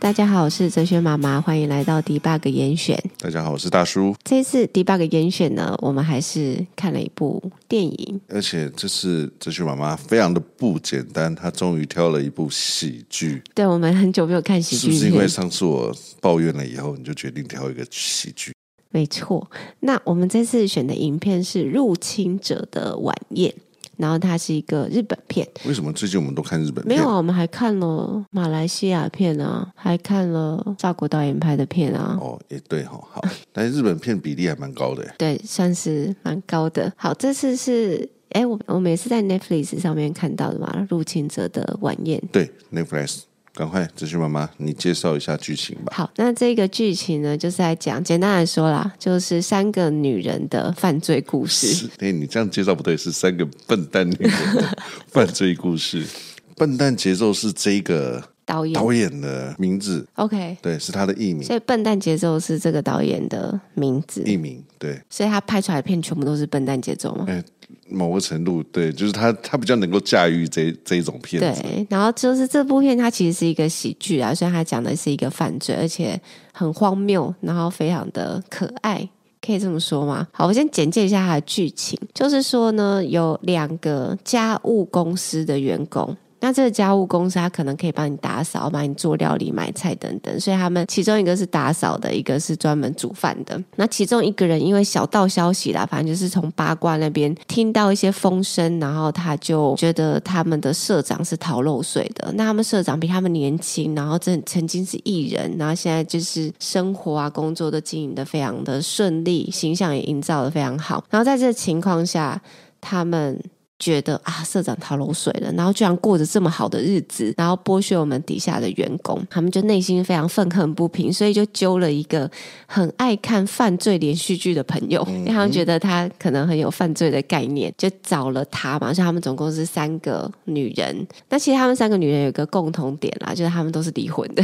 大家好，我是哲學媽媽，歡迎來到 DEBUG 嚴選。大家好，我是大叔。這次 DEBUG 嚴選呢，我們還是看了一部電影，而且這次哲學媽媽非常的不簡單，她終於挑了一部喜劇。對，我們很久沒有看喜劇，是不是因為上次我抱怨了以後，你就決定挑一個喜劇？沒錯，那我們這次選的影片是《入侵者的晚宴》。然後它是一個日本片，為什麼最近我們都看日本片？沒有、啊，我們還看了馬來西亞片啊，還看了法國導演拍的片啊。哦，也對哈、哦，好， 但日本片比例還蠻高的。對，算是蠻高的。好，這次是哎，我我每次在 Netflix 上面看到的嘛，《入侵者的晚宴》對。對，Netflix。趕快，子萱媽媽，你介紹一下劇情吧。好，那這個劇情呢，就是來講，簡單來說啦，就是三個女人的犯罪故事。對、欸，你這樣介紹不對，是三個笨蛋女人的犯罪故事。 笨蛋節奏是這一個導演，導演的名字。OK，對，是他的藝名。所以笨蛋節奏是這個導演的名字，藝名。對。所以他拍出來的片全部都是笨蛋節奏嗎？欸某個程度，對，就是他，他比較能夠駕馭這這一種片子。對，然後就是這部片，它其實是一個喜劇啊，雖然它講的是一個犯罪，而且很荒謬，然後非常的可愛。可以這麼說嗎？好，我先簡介一下它的劇情，就是說呢，有兩個家務公司的員工。那這個家務公司，他可能可以幫你打掃，幫你做料理、買菜等等。所以他們其中一個是打掃的，一個是專門煮飯的。那其中一個人因為小道消息啦，反正就是從八卦那邊聽到一些風聲，然後他就覺得他們的社長是逃漏稅的。那他們社長比他們年輕，然後曾經是藝人，然後現在就是生活啊、工作都經營得非常的順利，形象也營造得非常好。然後在這個情況下，他們。覺得啊，社長逃漏稅了，然後居然過着這麼好的日子，然後剝削我們底下的員工，他們就內心非常憤恨不平，所以就揪了一個很愛看犯罪連續劇的朋友，因為他們、嗯、覺得他可能很有犯罪的概念，就找了他嘛。像他們總共是三個女人，那其實他們三個女人有一個共同點啦，就是他們都是離婚的。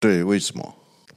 對，為什麼？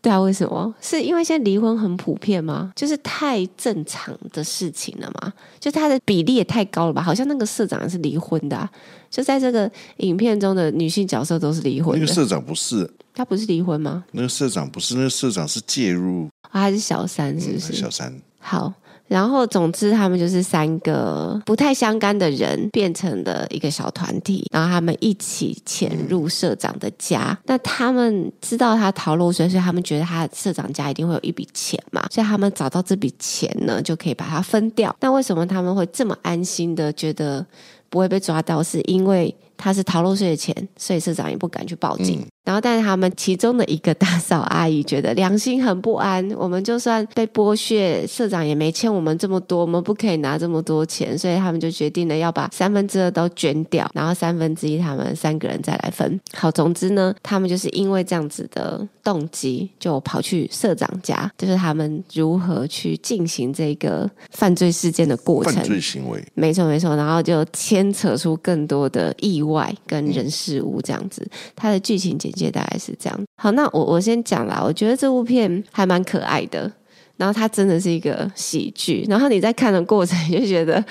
對啊，為什麼？是因為現在離婚很普遍嗎？就是太正常的事情了嘛。就是他的比例也太高了吧？好像那個社長是離婚的啊。就在這個影片中的女性角色都是離婚的。那個社長不是，他不是離婚嗎？那個社長不是，那個社長是介入。啊，他是小三是不是？嗯，小三。好。然後，總之，他們就是三個不太相干的人變成了一個小團體。然後，他們一起潛入社長的家。嗯。那他們知道他逃漏稅，所以他們覺得他社長家一定會有一筆錢嘛。所以他們找到這筆錢呢，就可以把它分掉。那為什麼他們會這麼安心的覺得不會被抓到？是因為他是逃漏稅的錢，所以社長也不敢去報警。嗯然後，但是他們其中的一個打掃阿姨覺得良心很不安。我們就算被剝削，社長也沒欠我們這麼多，我們不可以拿這麼多錢，所以他們就決定了要把三分之二都捐掉，然後三分之一他們三個人再來分。好，總之呢，他們就是因為這樣子的動機，就跑去社長家，就是他們如何去進行這個犯罪事件的過程。犯罪行為，沒錯沒錯。然後就牽扯出更多的意外跟人事物這樣子，他的劇情結。大概是這樣。好，那我我先講啦。我覺得這部片還蠻可愛的，然後它真的是一個喜劇，然後你在看的過程就覺得呵呵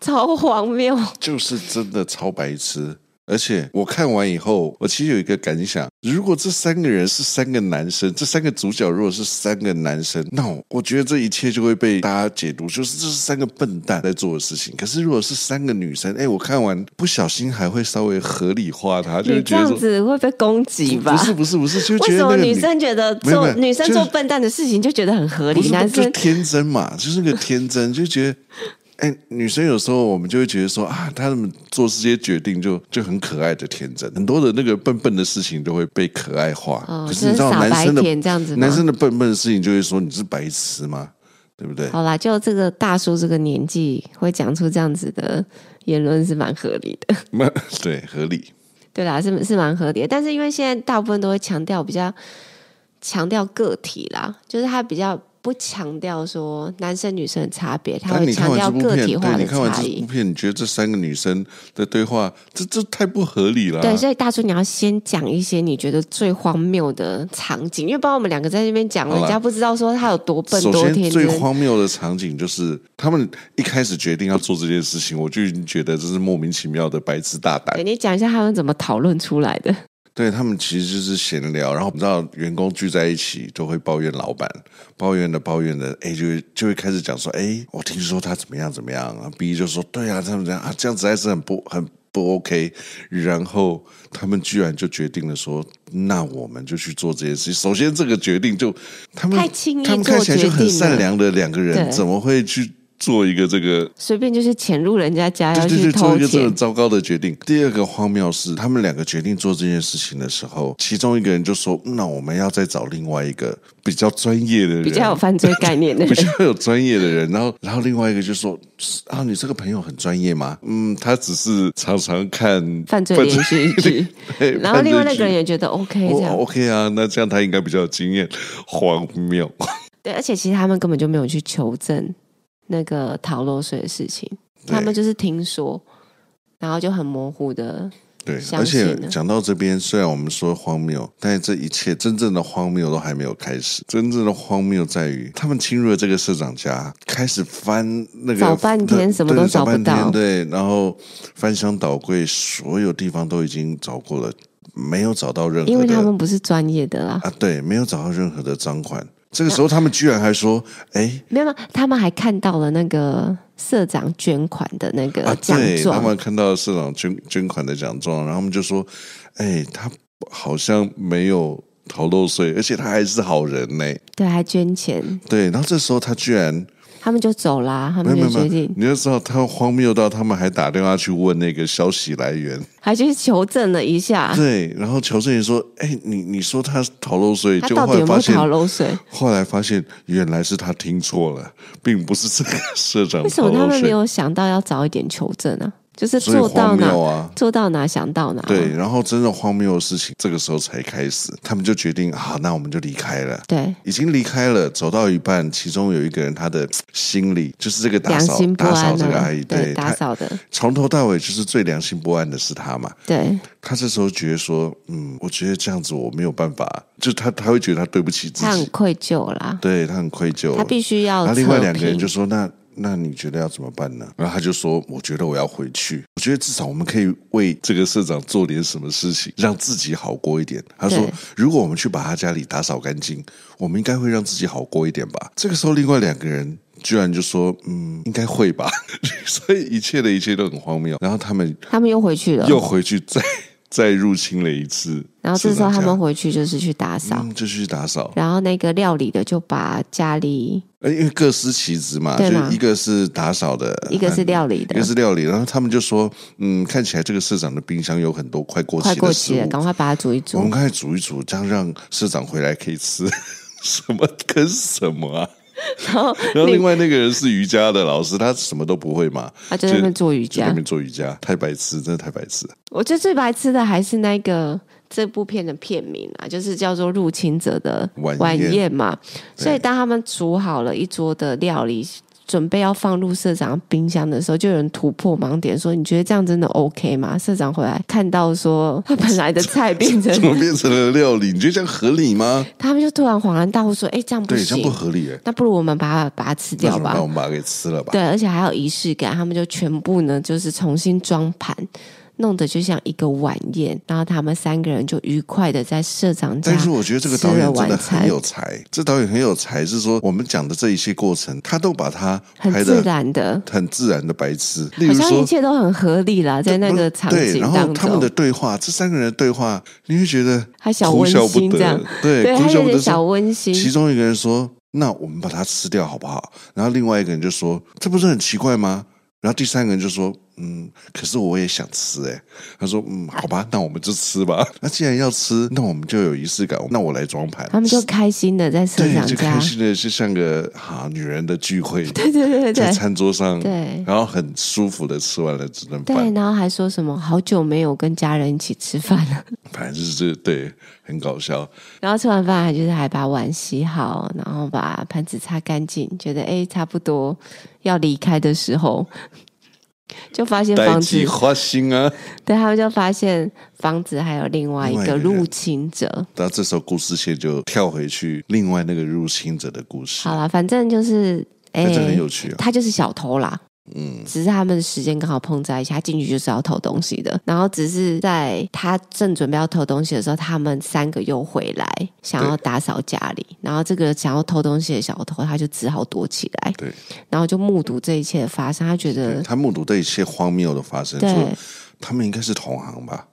超荒謬，就是真的超白痴。而且我看完以後，我其實有一個感想：如果這三個人是三個男生，這三個主角如果是三個男生，那我覺得這一切就會被大家解讀，就是這是三個笨蛋在做的事情。可是如果是三個女生，哎，我看完不小心還會稍微合理化她，就覺得。你這樣子會被攻擊吧？不是不是不是，就覺得為什麼女生覺得做沒有沒有女生做笨蛋的事情就覺得很合理？是男生就天真嘛，就是個天真，就覺得。哎、欸，女生有時候我們就會覺得說啊，他們做這些決定就就很可愛的天真，很多的那個笨笨的事情都會被可愛化。哦、就是你知道，男生的就是傻白甜這樣子嗎？男生的笨笨的事情就會說你是白痴嗎？對不對？好啦，就這個大叔這個年紀會講出這樣子的言論是蠻合理的。蠻對，合理。對啦，是是蠻合理的，但是因為現在大部分都會強調比較強調個體啦，就是他比較。不強調說男生女生的差別，他會強調個體化的差異。你看完這部片，看完這部片，你覺得這三個女生的對話，這這太不合理了啊！對，所以大叔你要先講一些你覺得最荒謬的場景，因為不然我們兩個在那邊講，啦人家不知道說他有多笨，先多天真。最荒謬的場景就是他們一開始決定要做這件事情，我就已經覺得這是莫名其妙的白痴大膽。你講一下他們怎麼討論出來的？對他們其實就是閒聊，然後我們知道員工聚在一起都會抱怨老板，抱怨的抱怨的，哎、欸，就會就會開始講說，哎、欸，我聽說他怎麼樣怎麼樣啊。B 就說，對啊，他們這樣啊，這樣子還是很不很不 OK。然後他們居然就決定了說，那我們就去做這件事情。首先這個決定就他們他們看起來就很善良的兩個人，對怎麼會去？做一個這個隨便就是潛入人家家，對對對，做一個這麼糟糕的決定。第二個荒謬是，他們兩個決定做這件事情的時候，其中一個人就說：“嗯、那我們要再找另外一個比較專業的人，比較有犯罪概念的， 比較有專業的人。” 然後，然後另外一個就說：“啊，你這個朋友很專業嗎？”嗯，他只是常常看犯罪系列 劇 然後另外那個人也覺得 OK，這樣 OK 啊，那這樣他應該比較有經驗。荒謬 對，而且其實他們根本就沒有去求證。那個逃漏稅的事情，對他們就是聽說，然後就很模糊的。對，而且講到這邊，雖然我們說荒謬，但是這一切真正的荒謬都還沒有開始。真正的荒謬在於，他們侵入了這個社長家，開始翻那個，找半天什麼都找不到，對。對，然後翻箱倒櫃，所有地方都已經找過了，沒有找到任何的，因為他們不是專業的啊。啊，對，沒有找到任何的贓款。這個時候，他們居然還說：“哎、欸，沒有，他們還看到了那個社長捐款的那個獎狀。啊、對，他們看到了社長捐捐款的獎狀，然後他們就說：‘哎、欸，他好像沒有逃漏稅，而且他還是好人呢、欸。’對，還捐錢。對，然後這時候他居然。”他們就走啦，他們就決定。你就知道他荒謬到，他們還打電話去問那個消息來源，還去求證了一下。對，然後求證也說：“哎、欸，你你說他逃漏稅，他到底有沒有逃漏稅？後來發現，後來發現原來是他聽錯了，並不是這個社長。為什麼他們沒有想到要早一點求證呢、啊？就是做到哪、啊、做到哪，做到哪想到哪、啊。對，然後真正荒謬的事情，這個時候才開始。他們就決定啊，那我們就離開了。對，已經離開了，走到一半，其中有一個人他的心裡就是這個打掃，良心不安啊、打掃這個阿姨，對，對打掃的，從頭到尾就是最良心不安的是他嘛。對、嗯，他這時候覺得說，嗯，我覺得這樣子我沒有辦法，就他他會覺得他對不起自己，他很愧疚啦。對，他很愧疚，他必須要。那另外兩個人就說那。那你覺得要怎麼辦呢？然後他就說：“我覺得我要回去，我覺得至少我們可以為這個社長做點什麼事情，讓自己好過一點。”他說：“對如果我們去把他家裡打掃乾淨，我們應該會讓自己好過一點吧？”這個時候，另外兩個人居然就說：“嗯，應該會吧。 ”所以一切的一切都很荒謬。然後他們，他們又回去了，又回去再。再入侵了一次，然後這時候他們回去就是去打掃，嗯、就去打掃。嗯、打掃然後那個料理的就把家裡，呃因為各司其職嘛，對嗎就一個是打掃的，一個是料理的，嗯、一個是料理的。然後他們就說：“嗯，看起來這個社長的冰箱有很多快過期的，快過期了，趕快把它煮一煮。我們趕快煮一煮，這樣讓社長回來可以吃什麼跟什麼啊。” 然後你，然後另外那個人是瑜伽的老師，他什麼都不會嘛，他在那邊做瑜伽。做瑜伽，太白痴，真的太白痴。我覺得最白痴的還是那個這部片的片名啊，就是叫做《入侵者的晚宴》嘛。宴所以當他們煮好了一桌的料理。準備要放入社長冰箱的時候，就有人突破盲點說：“你覺得這樣真的 OK 嗎？”社長回來看到說：“他本來的菜變成怎麼變成了料理？你覺得這樣合理嗎？”他們就突然恍然大悟說：“哎、欸，這樣不行，對，這樣不合理。那不如我們把它把它吃掉吧，那我們把它給吃了吧。”對，而且還有儀式感，他們就全部呢，就是重新裝盤。弄得就像一個晚宴，然後他們三個人就愉快的在社長家。但是我覺得這個導演真的很有才，這導演很有才，是說我們講的這一些過程，他都把它拍的很自然的，很自然的白痴，好像一切都很合理啦，這在那個場景當中對。然後他們的對話，這三個人的對話，你會覺得還小溫馨這樣，哭笑不得。對，哭對笑不得，還有點小溫馨，其中一個人說：“那我們把它吃掉好不好？”然後另外一個人就說：“這不是很奇怪嗎？”然後第三個人就說。嗯，可是我也想吃哎、欸。他說：“嗯，好吧，那我們就吃吧。那、啊、既然要吃，那我們就有儀式感。那我來裝盤。”他們就開心的在車上，開心的是像個、啊、女人的聚會。對，對對對，在餐桌上，對，然後很舒服的吃完了這頓飯，對，然後還說什麼好久沒有跟家人一起吃飯了，反正就是對，很搞笑。然後吃完飯，還就是還把碗洗好，然後把盤子擦乾淨，覺得哎、欸，差不多要離開的時候。就發現房子花心啊，對，他們就發現房子還有另外一個入侵者。那這時候故事線就跳回去，另外那個入侵者的故事。好啦，反正就是，哎、欸，很有趣啊、哦，他就是小偷啦。嗯，只是他們的時間剛好碰在一起，他進去就是要偷東西的。然後只是在他正準備要偷東西的時候，他們三個又回來想要打掃家裡。對然後這個想要偷東西的小偷，他就只好躲起來。對，然後就目睹這一切的發生。他覺得他目睹這一切荒謬的發生，對，他們應該是同行吧？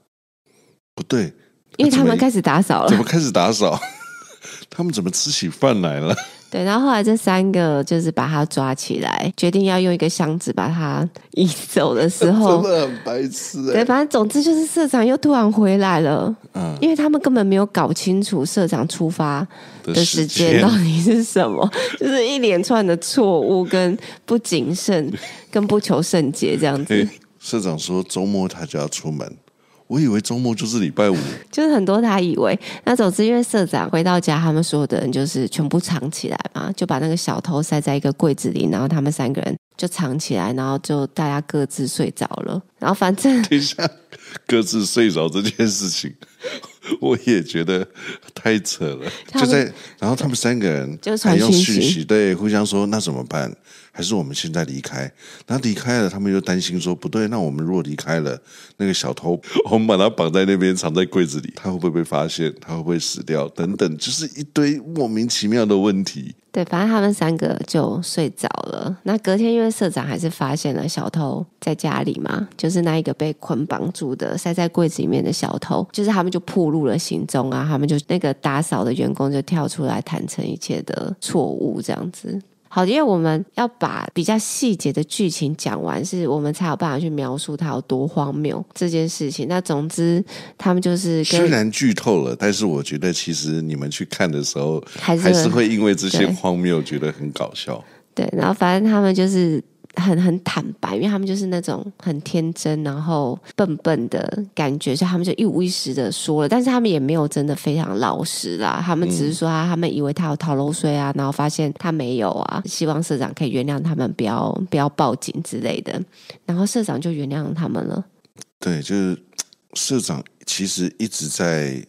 不對，因為他們開始打掃了，怎麼開始打掃？ 他們怎麼吃起飯來了？對，然後後來這三個就是把他抓起來，決定要用一個箱子把他移走的時候， 真的很白痴欸。對，反正總之就是社長又突然回來了，嗯，因為他們根本沒有搞清楚社長出發的時間到底是什麼，就是一連串的錯誤跟不謹慎、 跟不求甚解這樣子。對，社長說週末他就要出門。我以為周末就是禮拜五， 就是很多他以為。那總之，因為社長回到家，他們所有的人就是全部藏起來嘛，就把那個小偷塞在一個櫃子裡，然後他們三個人就藏起來，然後就大家各自睡着了。然後反正，等一下各自睡着這件事情，我也覺得太扯了。們就在，然後他們三個人就用訊息，對，互相說：“那怎麼辦？”還是我們現在離開？那離開了，他們又擔心說不對。那我們如果離開了，那個小偷，我們把他綁在那邊，藏在櫃子裡，他會不會被發現？他會不會死掉？等等，就是一堆莫名其妙的問題。對，反正他們三個就睡着了。那隔天，因為社長還是發現了小偷在家裡嘛，就是那一個被捆綁住的，塞在櫃子裡面的小偷，就是他們就暴露了行蹤啊。他們就那個打掃的員工就跳出來坦承一切的錯誤，這樣子。好，因為我們要把比較細節的劇情講完，是我們才有辦法去描述它有多荒謬這件事情。那總之，他們就是跟雖然劇透了，但是我覺得其實你們去看的時候，還是會因為這些荒謬覺得很搞笑。對。對，然後反正他們就是。很很坦白，因為他們就是那種很天真，然後笨笨的感覺，所以他們就一五一十的說了。但是他們也沒有真的非常老實啦，他們只是說啊，嗯、他們以為他有逃漏稅啊，然後發現他沒有啊，希望社長可以原諒他們，不要不要報警之類的。然後社長就原諒他們了。對，就是社長其實一直在，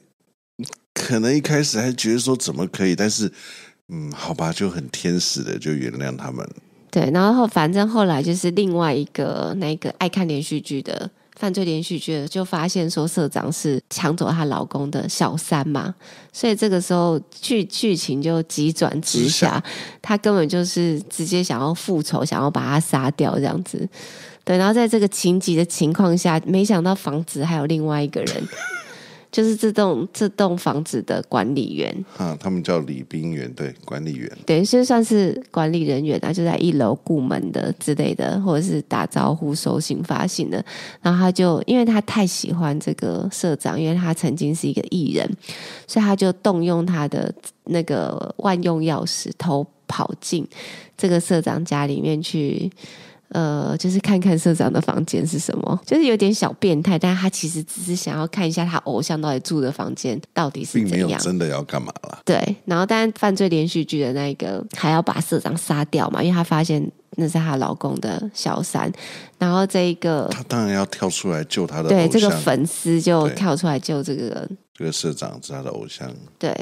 可能一開始還覺得說怎麼可以，但是嗯，好吧，就很天使的就原諒他們。對，然後反正後來就是另外一個那個愛看連續劇的犯罪連續劇的，就發現說社長是搶走她老公的小三嘛，所以這個時候劇劇情就急轉直下，她根本就是直接想要復仇，想要把他殺掉這樣子。對，然後在這個情急的情況下，沒想到房子還有另外一個人。 就是這棟這棟房子的管理員啊，他們叫李冰員，對，管理員，對，就算是管理人員啊，就在一樓顧門的之類的，或者是打招呼、收信、發信的。然後他就因為他太喜歡這個社長，因為他曾經是一個藝人，所以他就動用他的那個萬用鑰匙偷跑進這個社長家裡面去。呃，就是看看社長的房間是什麼，就是有點小變態，但他其實只是想要看一下他偶像到底住的房間到底是怎樣。並沒有真的要幹嘛啦。對，然後但犯罪連續劇的那個還要把社長殺掉嘛？因為他發現那是他老公的小三，然後這一個他當然要跳出來救他的偶像。對，這個粉絲就跳出來救這個人。這個社長是他的偶像。對。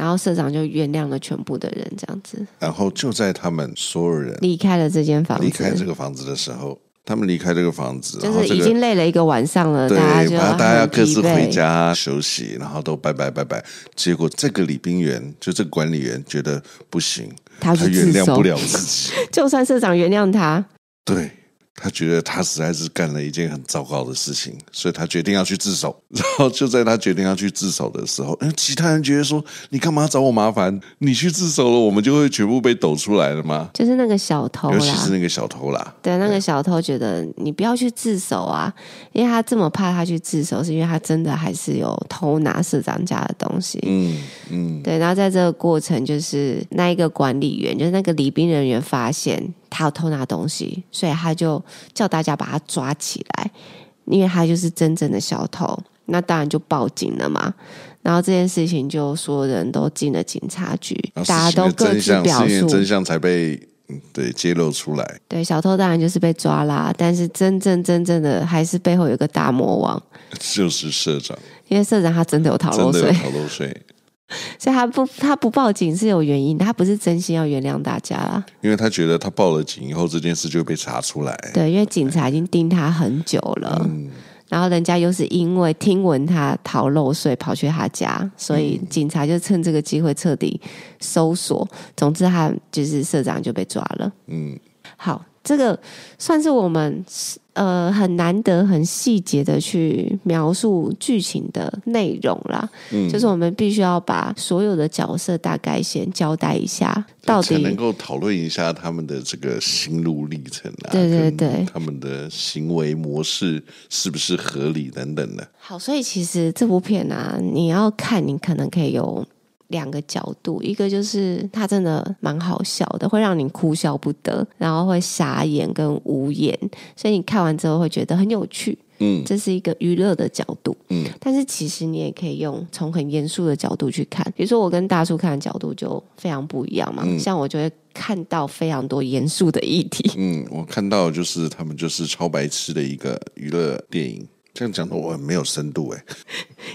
然後社長就原諒了全部的人，這樣子。然後就在他們所有人離開了這間房子，離開這個房子的時候，他們離開這個房子，就是、這個、已經累了一個晚上了。對，大家，就大家各自回家休息，然後都拜拜拜拜。結果這個禮賓員，就這個管理員，覺得不行，他，他原諒不了自己。 就算社長原諒他，對。他覺得他實在是幹了一件很糟糕的事情，所以他決定要去自首。然後就在他決定要去自首的時候，哎，其他人覺得說：“你幹嘛找我麻煩？你去自首了，我們就會全部被抖出來了嗎？”就是那個小偷啦，尤其是那個小偷啦。對，那個小偷覺得你不要去自首啊，對因為他這麼怕他去自首，是因為他真的還是有偷拿社長家的東西。嗯嗯。嗯對，然後在這個過程，就是那一個管理員，就是那個禮賓人員發現。他要偷拿東西，所以他就叫大家把他抓起來，因為他就是真正的小偷，那當然就報警了嘛。然後這件事情就所有人都進了警察局，啊、大家都各自表示真,真相才被對揭露出來。對，小偷當然就是被抓啦，但是真正真正的還是背後有一個大魔王，就是社長，因為社長他真的有逃漏稅。逃漏稅。所以他不，他不報警是有原因，他不是真心要原諒大家啦、啊。因為他覺得他報了警以後，這件事就被查出來。對，因為警察已經盯他很久了，嗯、然後人家又是因為聽聞他逃漏稅，跑去他家，所以警察就趁這個機會徹底搜索。嗯、總之，他就是社長就被抓了。嗯，好。這個算是我們呃很難得、很細節的去描述劇情的內容了。嗯，就是我們必須要把所有的角色大概先交代一下，對到底能夠討論一下他們的這個心路歷程啊，對,對對對，他們的行為模式是不是合理等等呢、啊、好，所以其實這部片啊，你要看，你可能可以有。兩個角度，一個就是它真的蠻好笑的，會讓你哭笑不得，然後會傻眼跟無言，所以你看完之後會覺得很有趣。嗯，這是一個娛樂的角度。嗯，但是其實你也可以用從很嚴肅的角度去看，比如說我跟大叔看的角度就非常不一樣嘛。嗯，像我就會看到非常多嚴肅的議題。嗯，我看到就是他們就是超白痴的一個娛樂電影，這樣講的我很沒有深度哎、欸。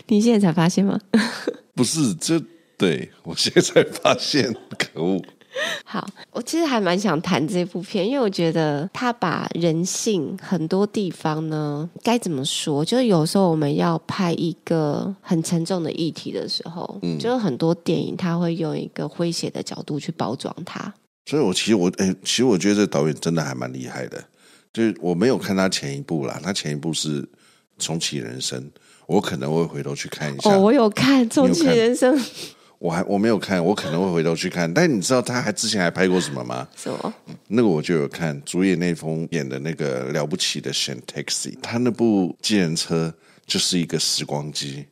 你現在才發現嗎？ 不是這。對，我現在發現，可惡。 好，我其實還蠻想談這部片，因為我覺得他把人性很多地方呢，該怎麼說？就是有時候我們要拍一個很沉重的議題的時候，嗯，就是很多電影他會用一個詼諧的角度去包裝它。所以，我其實我哎、欸，其實我覺得這導演真的還蠻厲害的。就是我沒有看他前一部啦，他前一部是重啟人生，我可能會回頭去看一下。哦，我有看、啊、重啟人生。 我還我沒有看，我可能會回頭去看。 但你知道他還之前還拍過什麼嗎？什麼我、嗯？那個我就有看，主演那封演的那個了不起的選 taxi，他那部計程車，就是一個時光機，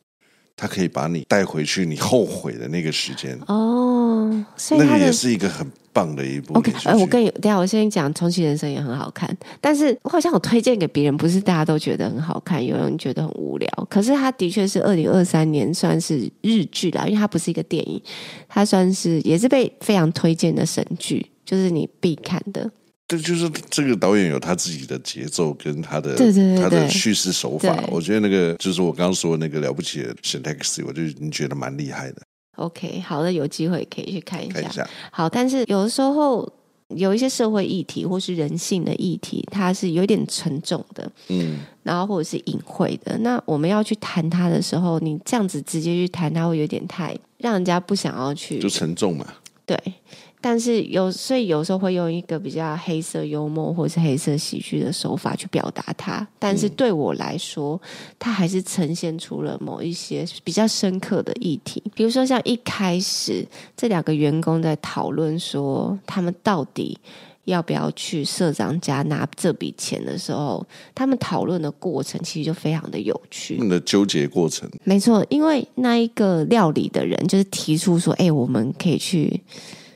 他可以把你帶回去你後悔的那個時間。哦。嗯、所以那個也是一個很棒的一部。哎、okay, 呃，我跟你，等下我先講《重啟人生》也很好看，但是我好像我推薦給別人，不是大家都覺得很好看，有人覺得很無聊。可是他的確是二零二三年算是日劇了，因為它不是一個電影，它算是也是被非常推薦的神劇，就是你必看的。這就是這個導演有他自己的節奏跟他的，對對對對他的敘事手法。對我覺得那個就是我剛說的那個了不起的 Syntax，我就已經覺得蠻厲害的。OK，好的，有機會可以去看一下。一下。好，但是有的時候有一些社會議題或是人性的議題，它是有點沉重的，嗯，然後或者是隱晦的。那我們要去談它的時候，你這樣子直接去談它，會有點太讓人家不想要去，就沉重嘛。對。但是有，所以有時候會用一個比較黑色幽默或者是黑色喜劇的手法去表達它。嗯、但是對我來說，它還是呈現出了某一些比較深刻的議題。比如說，像一開始這兩個員工在討論說他們到底要不要去社長家拿這筆錢的時候，他們討論的過程其實就非常的有趣。那的糾結過程。沒錯，因為那一個料理的人就是提出說：“哎、欸，我們可以去。”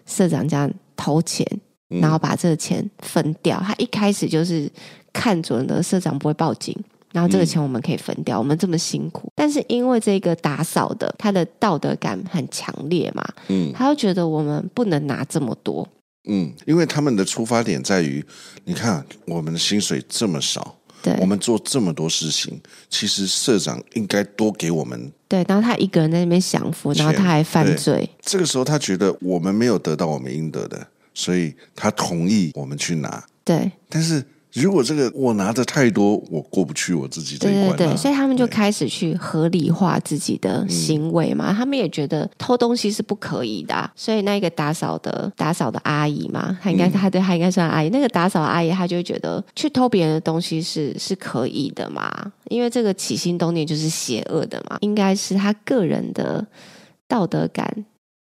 社長這樣偷錢，然後把這個錢分掉。嗯、他一開始就是看準了，社長不會報警，然後這個錢我們可以分掉。嗯、我們這麼辛苦，但是因為這個打掃的，他的道德感很強烈嘛，嗯，他就覺得我們不能拿這麼多。嗯，因為他們的出發點在於，你看我們的薪水這麼少。對我們做這麼多事情，其實社長應該多給我們。對，然後他一個人在那邊享福，然後他還犯罪。這個時候，他覺得我們沒有得到我們應得的，所以他同意我們去拿。對，但是。如果這個我拿的太多，我過不去我自己這一關。對，對，對，所以他們就開始去合理化自己的行為嘛。嗯、他們也覺得偷東西是不可以的、啊，所以那個打掃的打掃的阿姨嘛，她應該她、嗯、對她應該算阿姨。那個打掃的阿姨她就覺得去偷別人的東西是是可以的嘛。因為這個起心動念就是邪惡的嘛，應該是他個人的道德感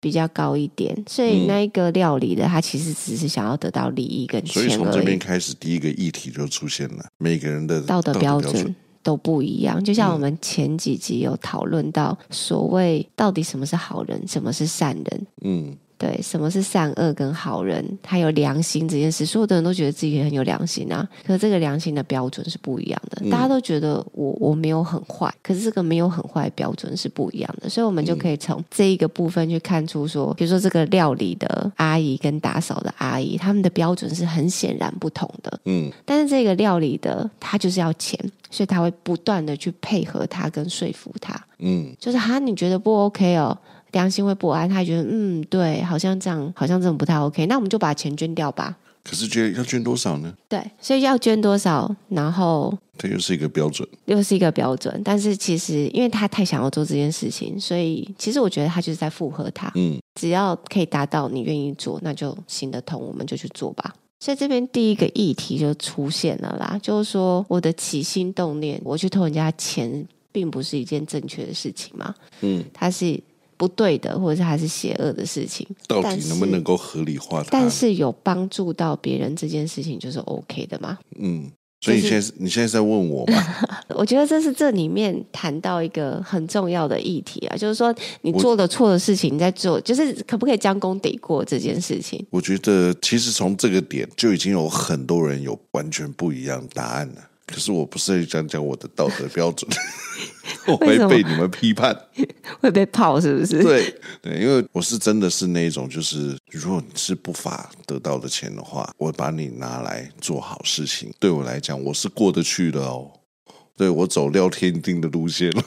比較高一點，所以那一個料理的他、嗯、其實只是想要得到利益跟錢而已。所以從這邊開始，第一個議題就出現了，每個人的道德標準都不一樣。一樣就像我們前幾集有討論到，所謂到底什麼是好人，嗯、什麼是善人？嗯。對，什麼是善惡跟好人？還有良心這件事，所有的人都覺得自己很有良心啊。可是這個良心的標準是不一樣的。大家都覺得我我沒有很壞，可是這個沒有很壞的標準是不一樣的。所以，我們就可以從這一個部分去看出說，比如說這個料理的阿姨跟打掃的阿姨，他們的標準是很顯然不同的。嗯，但是這個料理的他就是要錢，所以他會不斷的去配合他跟說服他。嗯，就是哈，你覺得不 OK 哦？良心會不安，他覺得嗯，對，好像這樣，好像這種不太 OK，那我們就把錢捐掉吧。可是捐要捐多少呢？對，所以要捐多少，然後這又是一個標準，又是一個標準。但是其實，因為他太想要做這件事情，所以其實我覺得他就是在附和他。嗯，只要可以達到你願意做，那就行得通，我們就去做吧。所以這邊第一個議題就出現了啦，就是說我的起心動念，我去偷人家錢，並不是一件正確的事情嘛。嗯，他是。不對的，或者是還是邪惡的事情，到底能不能夠合理化它？但是有幫助到別人這件事情就是 OK 的嗎？嗯，所以你現在、就是、你現在在問我嗎 我覺得這是這裡面談到一個很重要的議題啊，就是說你做的錯的事情我你在做，就是可不可以將功抵過這件事情？我覺得其實從這個點就已經有很多人有完全不一樣答案了。可是我不是講講我的道德標準，會 被你們批判，會被泡是不是？對對，因為我是真的是那種，就是如果你是不法得到的錢的話，我把你拿來做好事情，對我來講我是過得去的哦。對，我走廖添丁的路線了，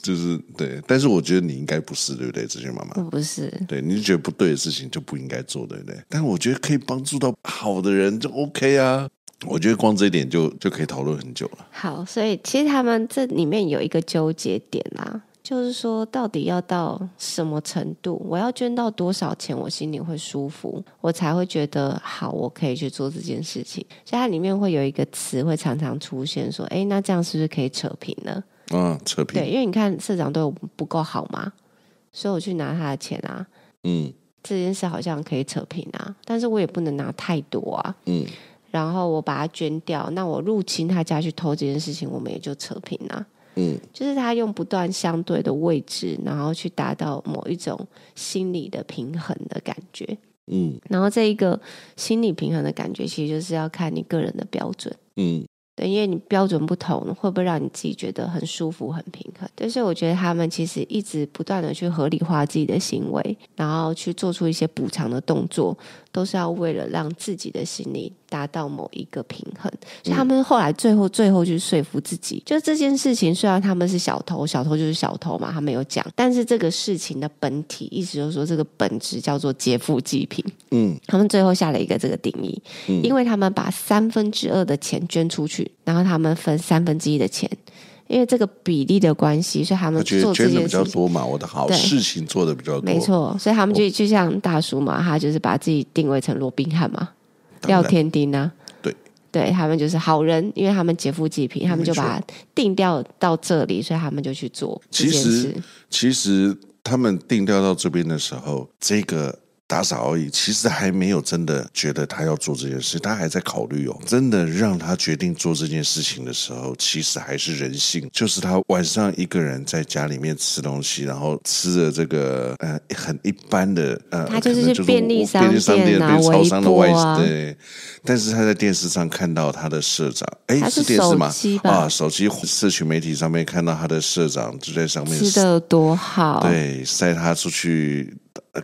就是對，但是我覺得你應該不是，對不對，這些媽媽？不是，對，你覺得不對的事情就不應該做，對不對？但我覺得可以幫助到好的人就 OK 啊。我覺得光這一點就就可以討論很久了。好，所以其實他們這裡面有一個糾結點啦、啊,就是說到底要到什麼程度，我要捐到多少錢，我心裡會舒服，我才會覺得好，我可以去做這件事情。所以它裡面會有一個詞會常常出現，說：“哎，那這樣是不是可以扯平了？”啊，扯平。對，因為你看社長對我不夠好嘛？所以我去拿他的錢啊。嗯，這件事好像可以扯平啊，但是我也不能拿太多啊。嗯。然後我把它捐掉，那我入侵他家去偷這件事情，我們也就扯平了啊。嗯，就是他用不斷相對的位置，然後去達到某一種心理的平衡的感覺。嗯，然後這一個心理平衡的感覺，其實就是要看你個人的標準。嗯，對，因為你標準不同，會不會讓你自己覺得很舒服、很平衡？但是我覺得他們其實一直不斷地去合理化自己的行為，然後去做出一些補償的動作。都是要為了讓自己的心理達到某一個平衡，所以他們後來最後、嗯、最後就說服自己，就是這件事情雖然他們是小偷，小偷就是小偷嘛，他們有講，但是這個事情的本體意思就是說這個本質叫做劫富濟貧。嗯，他們最後下了一個這個定義，因為他們把三分之二的錢捐出去，然後他們分三分之一的錢。因為這個比例的關係，所以他們做這件事情比較多嘛。我的好對事情做的比較多，沒錯。所以他們就就我像大叔嘛，他就是把自己定位成羅賓漢嘛，然廖添丁呢、啊，對對，他們就是好人，因為他們劫富濟貧，他們就把他定調到這裡，所以他們就去做。其實其實他們定調到這邊的時候，這個。打掃而已，其實還沒有真的覺得他要做這件事，他還在考慮哦。真的讓他決定做這件事情的時候，其實還是人性。就是他晚上一個人在家裡面吃東西，然後吃的這個呃很一般的呃，他就是、就是、便利商店的外、啊、對。但是他在電視上看到他的社長，哎，是，是電視嗎？啊，手機社群媒體上面看到他的社長就在上面吃的多好，對，塞他出去。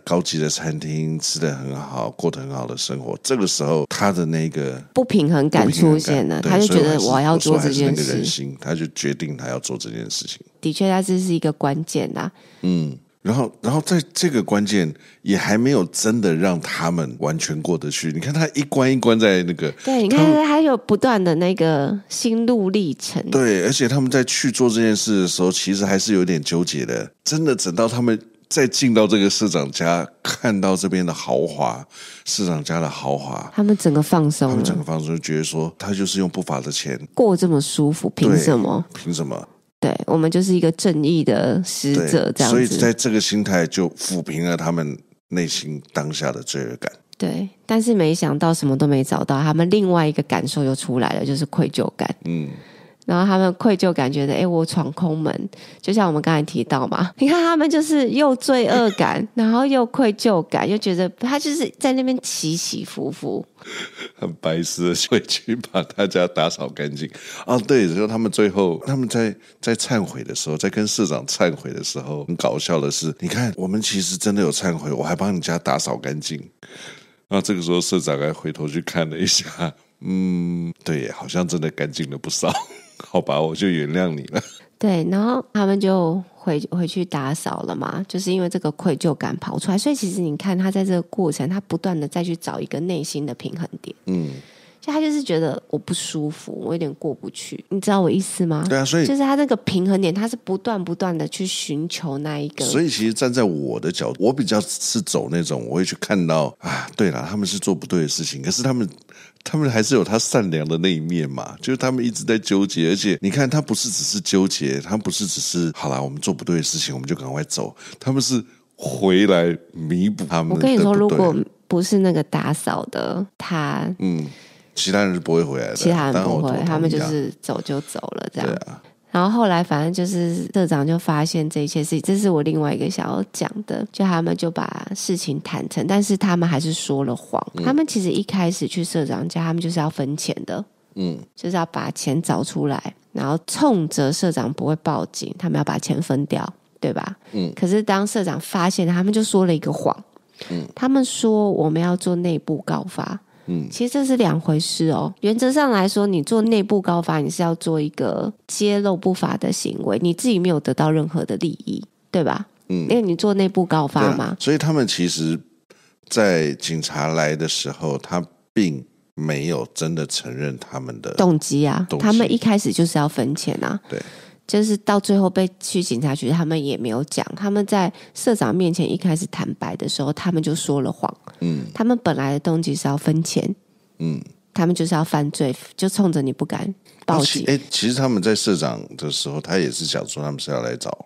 高級的餐廳吃得很好，過得很好的生活。這個時候，他的那個不平衡感出現了，他就覺得我，我要做這件事情。他就決定他要做這件事情。的確，他這是一個關鍵吶。嗯，然後，然後在這個關鍵也還沒有真的讓他們完全過得去。你看，他一關一關在那個，對，他們，你看他有不斷的那個心路歷程。對，而且他們在去做這件事的時候，其實還是有點糾結的。真的，整到他們。再進到這個市長家，看到這邊的豪華，市長家的豪華，他們整個放鬆，他們整個放鬆，就覺得說他就是用不法的錢過這麼舒服，憑什麼？憑什麼？對，我們就是一個正義的使者，對這樣子。所以在這個心態就撫平了他們內心當下的罪惡感。對，但是沒想到什麼都沒找到，他們另外一個感受又出來了，就是愧疚感。嗯。然後他們愧疚，感覺得，哎、欸，我闖空門，就像我們剛才提到嘛。你看他們就是又罪惡感， 然後又愧疚感，又覺得他就是在那邊起起伏伏，很白痴，回去把他家打掃乾淨啊。對，然後他們最後，他們在在懺悔的時候，在跟社長懺悔的時候，很搞笑的是，你看我們其實真的有懺悔，我還幫你家打掃乾淨。那這個時候社長還回頭去看了一下，嗯，對，好像真的乾淨了不少。好吧，我就原諒你了。對，然後他們就回回去打掃了嘛，就是因為這個愧疚感跑出來，所以其實你看他在這個過程，他不斷的再去找一個內心的平衡點。嗯，所以他就是覺得我不舒服，我有點過不去，你知道我意思嗎？對啊，所以就是他那個平衡點，他是不斷不斷的去尋求那一個。所以其實站在我的角度，我比較是走那種，我會去看到啊，對啦，他們是做不對的事情，可是他們。他們還是有他善良的那一面嘛，就是他們一直在糾結，而且你看他不是只是糾結，他不是只是，是，只是好啦，我們做不對的事情我們就趕快走，他們是回來彌補他們的。我跟你說，如果不是那個打掃的他，嗯，其他人是不會回來的，其他人不會，他們，他們就是走就走了這樣。對啊。然後後來，反正就是社長就發現這一切事情，這是我另外一個想要講的。就他們就把事情談成，但是他們還是說了謊。嗯，他們其實一開始去社長家，他們就是要分錢的，嗯，就是要把錢找出來，然後衝着社長不會報警，他們要把錢分掉，對吧？嗯。可是當社長發現，他們就說了一個謊，他們說我們要做內部告發。嗯，其實這是兩回事哦。原則上來說，你做內部告發，你是要做一個揭露不法的行為，你自己沒有得到任何的利益，對吧？嗯，因為你做內部告發嘛。啊，所以他們其實，在警察來的時候，他並沒有真的承認他們的動機，動機啊。他們一開始就是要分錢啊。對。就是到最後被去警察局，他們也沒有講。他們在社長面前一開始坦白的時候，他們就說了謊。嗯，他們本來的動機是要分錢。嗯，他們就是要犯罪，就衝着你不敢報警。哎、啊欸，其實他們在社長的時候，他也是想說他們是要來找。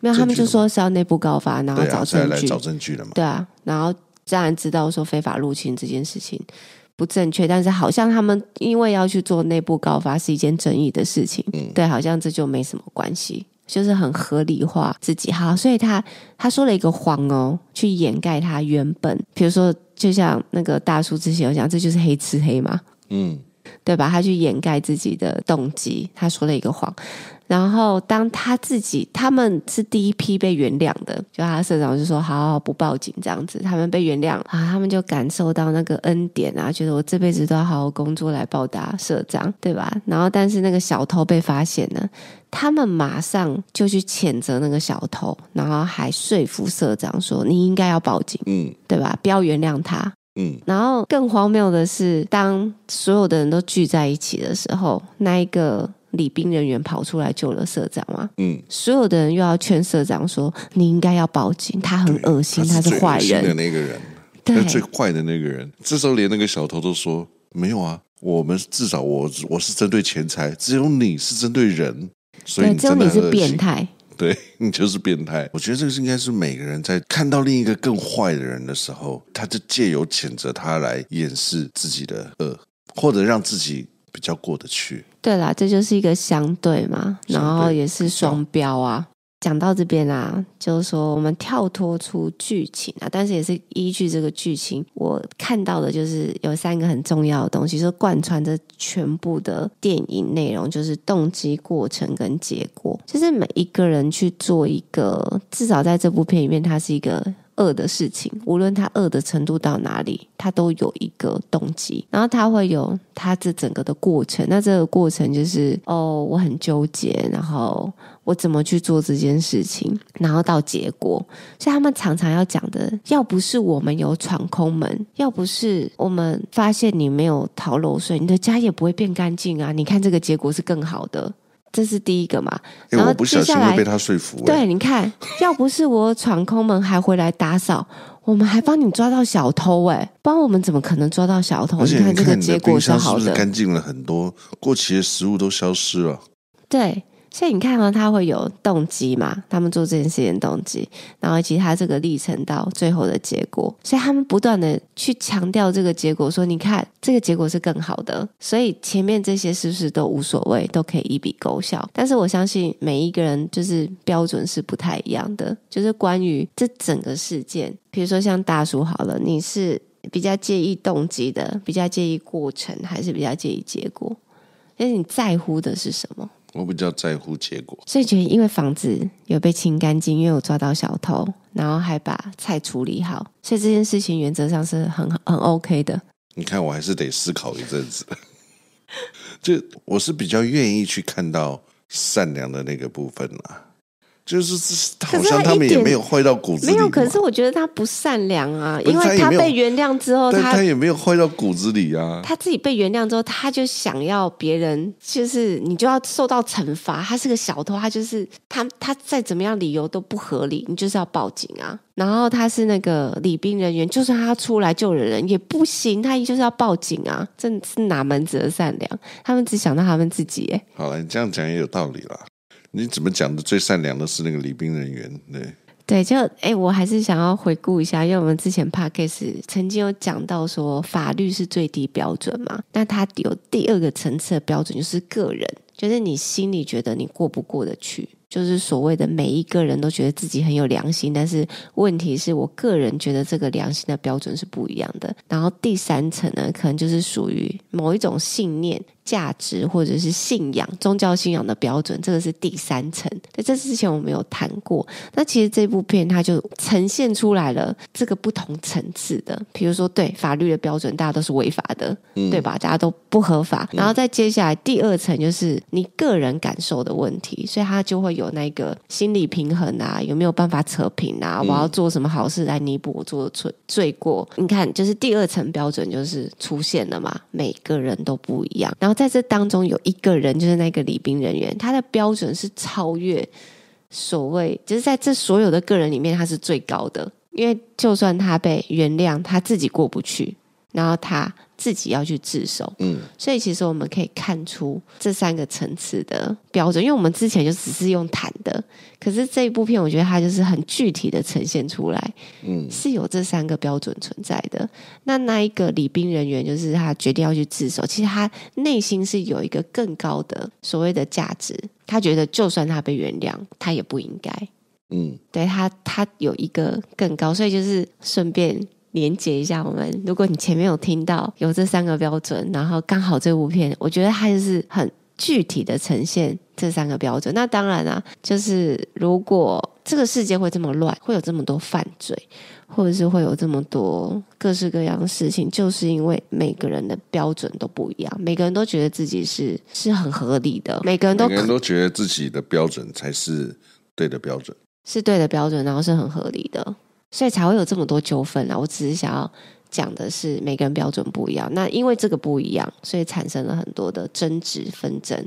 沒有，他們就說是要內部告發，然後找證據。來找證據的嘛？對啊，然後自然知道說非法入侵這件事情。不正確，但是好像他們因為要去做內部告發是一件爭議的事情，嗯，對，好像這就沒什麼關係，就是很合理化自己，好，所以他他說了一個謊哦，去掩蓋他原本，比如說，就像那個大叔之前有講，這就是黑吃黑嘛，嗯。對吧？他去掩蓋自己的動機，他說了一個謊。然後當他自己他們是第一批被原諒的，就他的社長就說：“好，好，好，不報警這樣子。”他們被原諒啊，他們就感受到那個恩典啊，覺得我這輩子都要好好工作來報答社長，對吧？然後，但是那個小偷被發現了，他們馬上就去譴責那個小偷，然後還說服社長說：“你應該要報警，嗯，對吧？不要原諒他。”嗯，然後更荒謬的是，當所有的人都聚在一起的時候，那一個禮賓人員跑出來救了社長嘛、啊？嗯，所有的人又要勸社長說：“你應該要報警，他很噁心，對他是壞人的那個人，最壞的那個人。對”這時候連那個小偷都說：“沒有啊，我們至少我我是針對錢財，只有你是針對人，所以對真的只有你是變態。”對，你就是變態，我覺得這個是應該是每個人在看到另一個更壞的人的時候，他就借由譴責他來掩飾自己的惡，或者讓自己比較過得去。對啦，這就是一個相對嘛，對，然後也是雙標啊。講到這邊啦、啊，就是說我們跳脫出劇情啊，但是也是依據這個劇情，我看到的就是有三個很重要的東西，就是貫穿着全部的電影內容，就是動機、過程跟結果。就是每一個人去做一個，至少在這部片裡面，它是一個。惡的事情，無論他惡的程度到哪裡，他都有一個動機，然後他會有他這整個的過程。那這個過程就是哦，我很糾結，然後我怎麼去做這件事情，然後到結果。所以他們常常要講的，要不是我們有闖空門，要不是我們發現你沒有逃漏稅，你的家也不會變乾淨啊。你看這個結果是更好的。這是第一個嘛？哎，我不小心被他說服了。對，你看，要不是我闖空門還回來打掃，我們還幫你抓到小偷哎、欸，不然我們怎麼可能抓到小偷？而且你看這個結果是好的，你的冰箱是不是乾淨了很多，過期的食物都消失了。對。所以你看到啊，他會有動機嘛？他們做這件事情的動機，然後其實他這個歷程到最後的結果，所以他們不斷的去強調這個結果，說你看這個結果是更好的，所以前面這些是不是都無所謂，都可以一筆勾銷？但是我相信每一個人就是標準是不太一樣的，就是關於這整個事件，比如說像大叔好了，你是比較介意動機的，比較介意過程，還是比較介意結果？因為你在乎的是什麼？我比較在乎結果，所以覺得因為房子有被清乾淨，因為我抓到小偷，然後還把菜處理好，所以這件事情原則上是很很 OK 的。你看，我還是得思考一陣子。就我是比較願意去看到善良的那個部分啦。就是，可是他們也沒有壞到骨子裡。沒有，可是我覺得他不善良啊，因為他被原諒之後，對他，他也沒有壞到骨子裡啊。他自己被原諒之後，他就想要別人，就是你就要受到懲罰。他是個小偷，他就是他，他再怎麼樣理由都不合理，你就是要報警啊。然後他是那個禮賓人員，就算他出來救了人，人也不行，他就是要報警啊。這是哪門子的善良？他們只想到他們自己、欸。哎，好了，你這樣講也有道理啦。你怎麼講的？最善良的是那個禮賓人員，對對，就哎、欸，我還是想要回顧一下，因為我們之前 podcast 曾經有講到說，法律是最低標準嘛，那它有第二個層次的標準就是個人，就是你心裡覺得你過不過得去，就是所謂的每一個人都覺得自己很有良心，但是問題是我個人覺得這個良心的標準是不一樣的。然後第三層呢，可能就是屬於某一種信念。價值或者是信仰、宗教信仰的標準，這個是第三層。在這之前我們有談過。那其實這部片它就呈現出來了這個不同層次的。比如說，對法律的標準，大家都是違法的，嗯、對吧？大家都不合法。然後再接下來第二層就是你個人感受的問題，所以它就會有那個心理平衡啊，有沒有辦法扯平啊？我要做什麼好事來彌補我做的罪過？嗯、你看，就是第二層標準就是出現了嘛。每個人都不一樣，然後。在這當中有一個人，就是那個禮賓人員，他的標準是超越所謂，就是在這所有的個人裡面，他是最高的。因為就算他被原諒，他自己過不去。然後他自己要去自首，嗯，所以其實我們可以看出這三個層次的標準，因為我們之前就只是用談的，可是這一部片我覺得它就是很具體的呈現出來，嗯，是有這三個標準存在的。那那一個禮賓人員就是他決定要去自首，其實他內心是有一個更高的所謂的價值，他覺得就算他被原諒，他也不應該，嗯，對，他，他有一個更高，所以就是順便。連接一下，我們如果你前面有聽到有這三個標準，然後剛好這部片，我覺得它就是很具體的呈現這三個標準。那當然啦、啊，就是如果這個世界會這麼亂，會有這麼多犯罪，或者是會有這麼多各式各樣的事情，就是因為每個人的標準都不一樣，每個人都覺得自己是是很合理的，每個，每個人都覺得自己的標準才是對的標準，是對的標準，然後是很合理的。所以才會有這麼多糾紛。我只是想要講的是，每個人標準不一樣。那因為這個不一樣，所以產生了很多的爭執紛爭。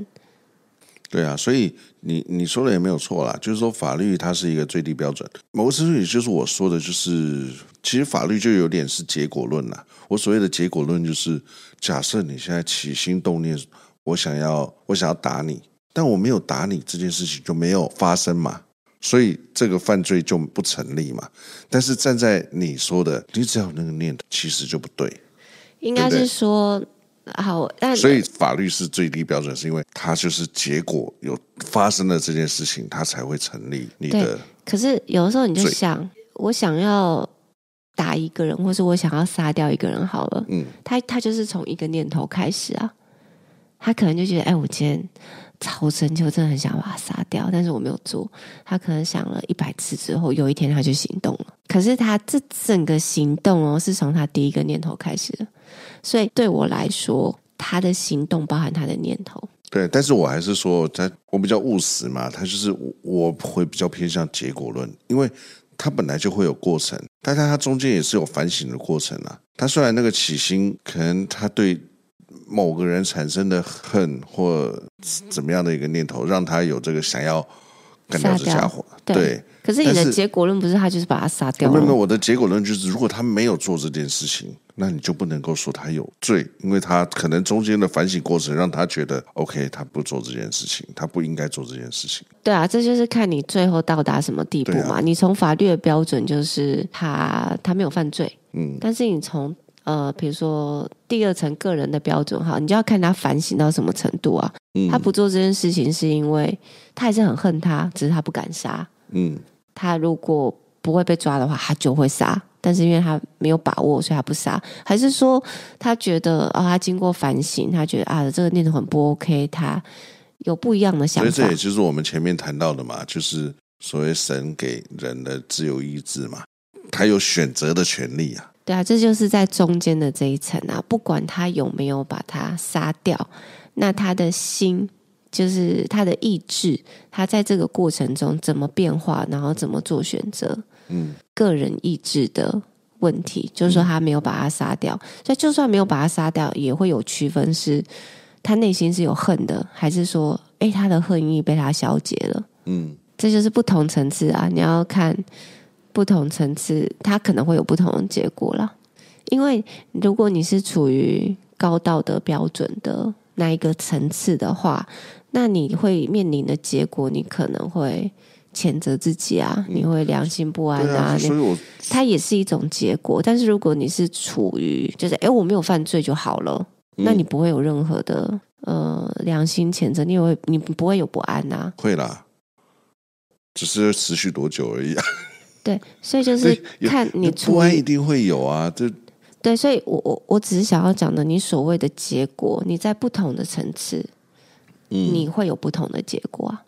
對啊，所以你你說的也沒有錯啦。就是說，法律它是一個最低標準。某個程度也就是我說的，就是其實法律就有點是結果論啦。我所謂的結果論，就是假設你現在起心動念，我想要我想要打你，但我沒有打你，這件事情就沒有發生嘛。所以這個犯罪就不成立嘛？但是站在你說的，你只要有那個念頭，其實就不對。應該是說，對對啊、好，所以法律是最低標準，是因為它就是結果有發生了這件事情，它才會成立你的罪。可是有的時候你就想，我想要打一個人，或是我想要殺掉一個人，好了，嗯，他他就是從一個念頭開始啊，他可能就覺得，哎，我今天。超生，就真的很想把他殺掉，但是我沒有做。他可能想了一百次之後，有一天他就行動了。可是他這整個行動哦、喔，是從他第一個念頭開始的。所以對我來說，他的行動包含他的念頭。對，但是我還是說他，我比較務實嘛。他就是我，我會比較偏向結果論，因為他本來就會有過程，但他他中間也是有反省的過程啊。他雖然那個起心，可能他對。某個人產生的恨或怎麼樣的一個念頭，讓他有這個想要幹掉這家伙。對。對，可是你的結果論不是他就是把他殺掉了？沒有，沒有。我的結果論就是，如果他沒有做這件事情，那你就不能夠說他有罪，因為他可能中間的反省過程讓他覺得 OK，他不做這件事情，他不應該做這件事情。對啊，這就是看你最後到達什麼地步嘛。啊、你從法律的標準就是他他沒有犯罪，嗯，但是你從。呃，比如說第二層個人的標準，哈，你就要看他反省到什麼程度啊？嗯，他不做這件事情是因為他還是很恨他，只是他不敢殺。嗯，他如果不會被抓的話，他就會殺，但是因為他沒有把握，所以他不殺。還是說他覺得啊，哦，他經過反省，他覺得啊，這個念頭很不 OK，他有不一樣的想法。所以這也就是我們前面談到的嘛，就是所謂神給人的自由意志嘛，他有選擇的權利啊。對啊，這就是在中間的這一層啊。不管他有沒有把他殺掉，那他的心，就是他的意志，他在這個過程中怎麼變化，然後怎麼做選擇，嗯，個人意志的問題，就是說他沒有把他殺掉，嗯，所以就算沒有把他殺掉，也會有區分：是他內心是有恨的，還是說，誒，他的恨意被他消解了？嗯，這就是不同層次啊，你要看。不同層次，它可能會有不同的結果啦。因為如果你是處於高道德標準的那一個層次的話，那你會面臨的結果，你可能會譴責自己啊，你會良心不安啊。所以、嗯，啊、我它也是一種結果。但是，如果你是處於就是哎，我沒有犯罪就好了，嗯、那你不會有任何的呃良心譴責，你會你不會有不安吶、啊？會啦，只是持續多久而已、啊。對，所以就是看你出不安一定會有啊，這對，所以我我我只是想要講的，你所謂的結果，你在不同的層次，嗯、你會有不同的結果，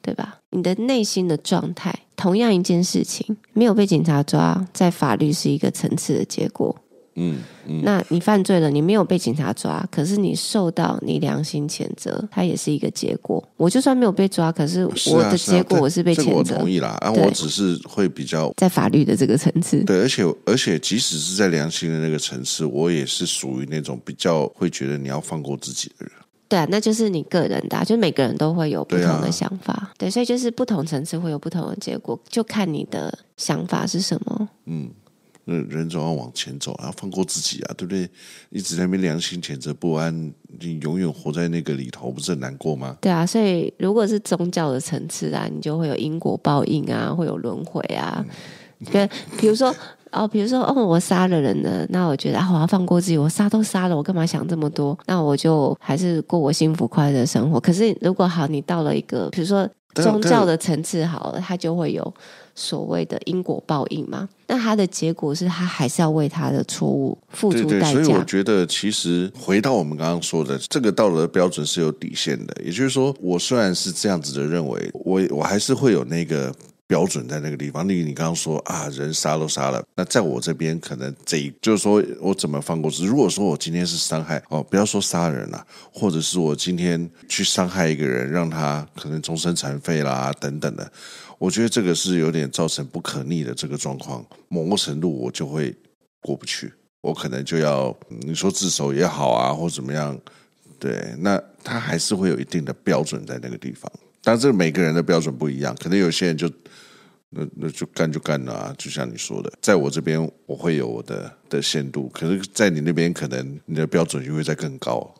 對吧？你的內心的狀態，同樣一件事情，沒有被警察抓，在法律是一個層次的結果。嗯，嗯，那你犯罪了，你沒有被警察抓，可是你受到你良心譴責，它也是一個結果。我就算沒有被抓，可是我的是、啊是啊、結果是、啊、我是被譴、啊、責。我同意啦，啊，對我只是會比較在法律的這個層次。對，而且而且，即使是在良心的那個層次，我也是屬於那種比較會覺得你要放過自己的人。對啊，那就是你個人的、啊，就每個人都會有不同的想法。對、啊、對，所以就是不同層次會有不同的結果，就看你的想法是什麼。嗯。人人總要往前走啊，放過自己啊，對不對？一直在那邊良心譴責不安，你永遠活在那個裡頭，不是很難過嗎？對啊，所以如果是宗教的層次啊，你就會有因果報應啊，會有輪迴啊。跟比如說 哦，比如說哦，我殺了人呢，那我覺得啊，我要放過自己，我殺都殺了，我幹嘛想這麼多？那我就還是過我幸福快樂生活。可是如果好，你到了一個比如說。但宗教的層次好了，但他就會有所謂的因果報應嘛。那他的結果是他還是要為他的錯誤付出代價。嗯，對對。所以我覺得，其實回到我們剛剛說的，這個道德標準是有底線的。也就是說，我雖然是這樣子的認為，我我還是會有那個。標準在那個地方，例如你剛剛說啊，人殺都殺了，那在我這邊可能這一就是說我怎麼放過？如果說我今天是傷害哦，不要說殺人了啊，或者是我今天去傷害一個人，讓他可能終身殘廢啦等等的，我覺得這個是有點造成不可逆的這個狀況，某個程度我就會過不去，我可能就要你說自首也好啊，或怎麼樣，對，那他還是會有一定的標準在那個地方。但是每個人的標準不一樣，可能有些人就，那那就幹就幹了啊，就像你說的，在我這邊我會有我的的限度，可是在你那邊可能你的標準就會在更高。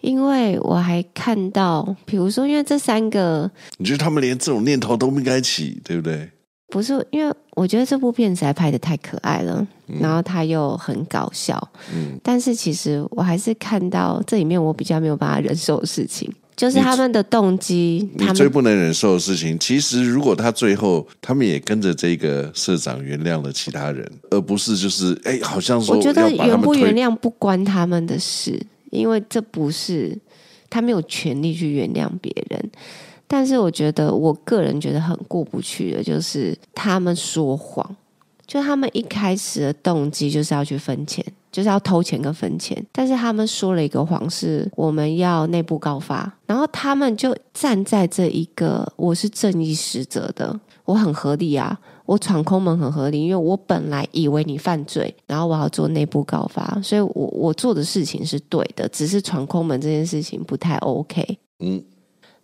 因為我還看到，比如說，因為這三個，你覺得他們連這種念頭都不應該起，對不對？不是，因為我覺得這部片子還拍的太可愛了，嗯、然後他又很搞笑，嗯、但是其實我還是看到這裡面我比較沒有辦法忍受的事情。就是他們的動機。你，他們，你最不能忍受的事情？其實如果他最後他們也跟着這個社長原諒了其他人，而不是就是哎、欸，好像說我覺得原不原諒不關他們的事，因為這不是他沒有權利去原諒別人。但是我覺得我個人覺得很過不去的，就是他們說謊。就他們一開始的動機就是要去分錢，就是要偷錢跟分錢。但是他們說了一個謊，是我們要內部告發，然後他們就站在這一個我是正義使者的，我很合理啊，我闖空門很合理，因為我本來以為你犯罪，然後我要做內部告發，所以我我做的事情是對的，只是闖空門這件事情不太 OK。嗯。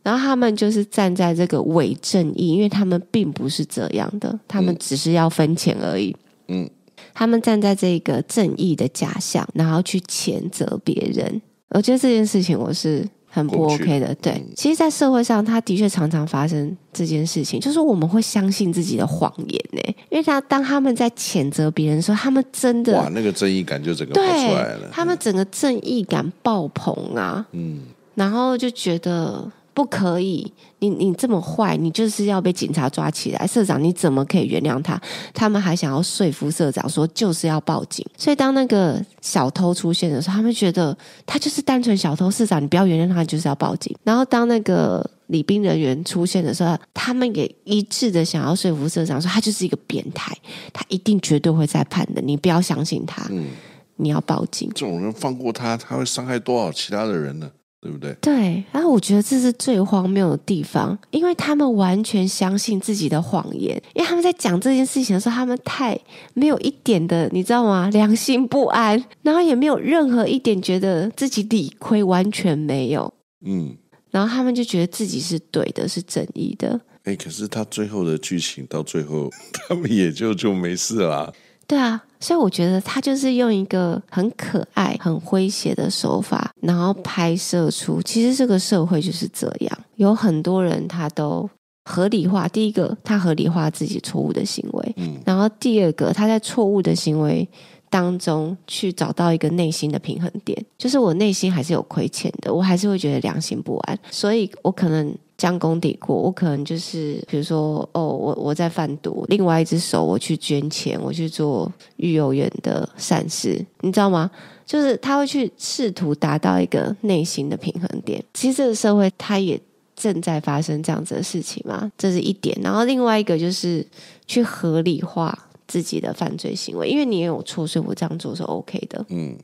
然後他們就是站在這個偽正義，因為他們並不是這樣的，他們只是要分錢而已。嗯，他們站在這個正義的假象，然後去譴責別人。我覺得這件事情我是很不 OK 的。取對，其實，在社會上，他的確常常發生這件事情，就是我們會相信自己的謊言呢。因為他當他們在譴責別人的時候，他們真的哇，那個正義感就整個出來了。對，他們整個正義感爆棚啊。嗯，然後就覺得。不可以！你你這麼壞，你就是要被警察抓起來。社長，你怎麼可以原諒他？他們還想要說服社長說，就是要報警。所以當那個小偷出現的時候，他們覺得他就是單純小偷。社長，你不要原諒他，就是要報警。然後當那個禮賓人員出現的時候，他們也一致的想要說服社長說，他就是一個變態，他一定絕對會再犯的。你不要相信他，嗯，你要報警。這種人放過他，他會傷害多少其他的人呢？對不對？對，然後我覺得這是最荒謬的地方，因為他們完全相信自己的謊言，因為他們在講這件事情的時候，他們太沒有一點的，你知道嗎？良心不安，然後也沒有任何一點覺得自己理虧，完全沒有。嗯，然後他們就覺得自己是對的，是正義的。哎，可是他最後的劇情到最後，他們也就就沒事啦。對啊，所以我覺得他就是用一個很可愛、很詼諧的手法，然後拍攝出其實這個社會就是這樣，有很多人他都合理化。第一個，他合理化自己錯誤的行為，然後第二個，他在錯誤的行為當中去找到一個內心的平衡點，就是我內心還是有虧欠的，我還是會覺得良心不安，所以我可能。將功抵過，我可能就是比如說，哦，我我在販毒，另外一只手我去捐錢，我去做育幼院的善事，你知道嗎？就是他會去試圖達到一個內心的平衡點。其實這個社會它也正在發生這樣子的事情嘛，這是一點。然後另外一個就是去合理化自己的犯罪行為，因為你也有錯，所以我這樣做是 OK 的。嗯，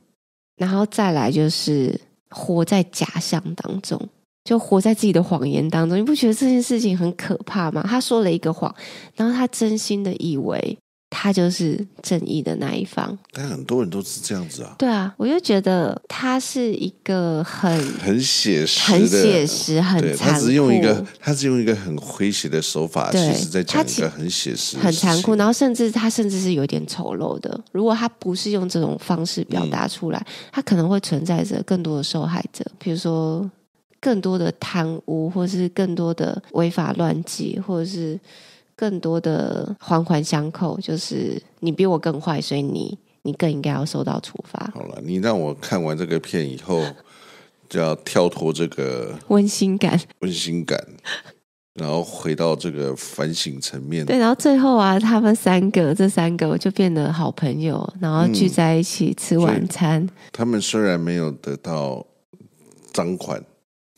然後再來就是活在假象當中。就活在自己的謊言當中，你不覺得這件事情很可怕嗎？他說了一個謊，然後他真心的以為他就是正義的那一方。但很多人都是這樣子啊。對啊，我就覺得他是一個很很寫實、很寫實、很殘酷。對，他是用一個他是用一個很詼諧的手法，對，其實在講一個很寫實、很殘酷。然後甚至他甚至是有點醜陋的。如果他不是用這種方式表達出來，嗯、他可能會存在着更多的受害者，比如說。更多的貪污，或是更多的違法亂紀，或者是更多的環環相扣，就是你比我更壞，所以你你更應該要受到處罰。好了，你讓我看完這個片以後，就要跳脫這個溫馨感，溫 馨感，然後回到這個反省層面。對，然後最後啊，他們三個這三個我就變得好朋友，然後聚在一起吃晚餐。嗯，他們雖然沒有得到贓款。